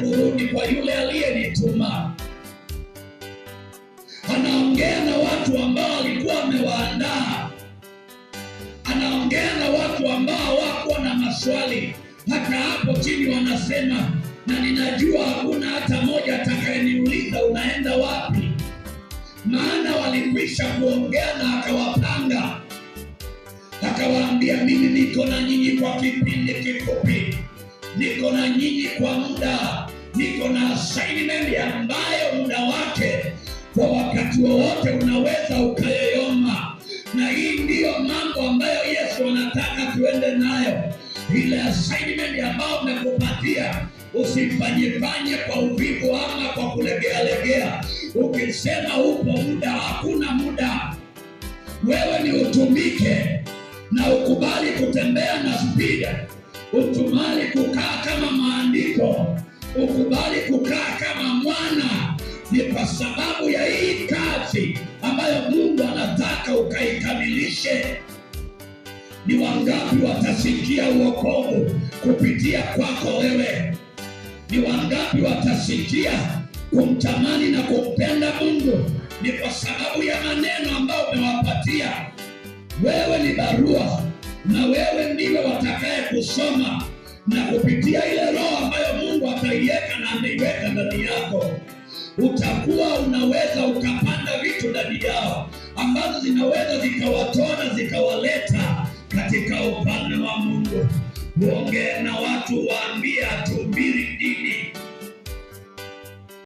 kurudi kwa yule aliyenituma. Anaongea na watu ambao alikuwa amewaandaa, anaongea na watu ambao wako na maswali hata hapo chini wanasema, na ninajua hakuna hata moja atakayeniuliza unaenda wapi, maana walikwisha kuongea na akawapanga akawaambia, mimi niko na nyinyi kwa kipindi kifupi, niko na nyinyi kwa muda niko na assignment ambayo muda wake kwa wakati wowote unaweza ukayoyoma, na hii ndiyo mambo ambayo Yesu anataka tuende nayo, ile assignment ambayo amekupatia usifanyefanye kwa uvivu ama kwa kulegealegea. Ukisema upo muda, hakuna muda. Wewe ni utumike na ukubali kutembea na spida, utumali kukaa kama maandiko ukubali kukaa kama mwana, ni kwa sababu ya hii kazi ambayo Mungu anataka ukaikamilishe. Ni wangapi watasikia uokovu kupitia kwako wewe? Ni wangapi watasikia kumtamani na kumpenda Mungu? Ni kwa sababu ya maneno ambayo umewapatia. Wewe ni barua, na wewe ndiwe watakaye kusoma na kupitia ile roho ambayo ameiweka na ameiweka ndani yako, utakuwa unaweza ukapanda vitu ndani yao ambazo zinaweza zikawatona zikawaleta katika upande wa Mungu. Uongee na watu, waambie